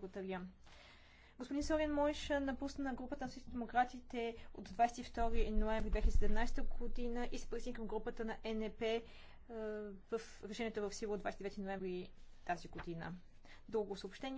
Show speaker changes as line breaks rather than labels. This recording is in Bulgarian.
Благодаря. Господин Сорин Мойш напусна групата на социал-демократите от 22 ноември 2017 година и се присъедини към групата на НП в решението в сила от 29 ноември тази година. Дълго съобщение.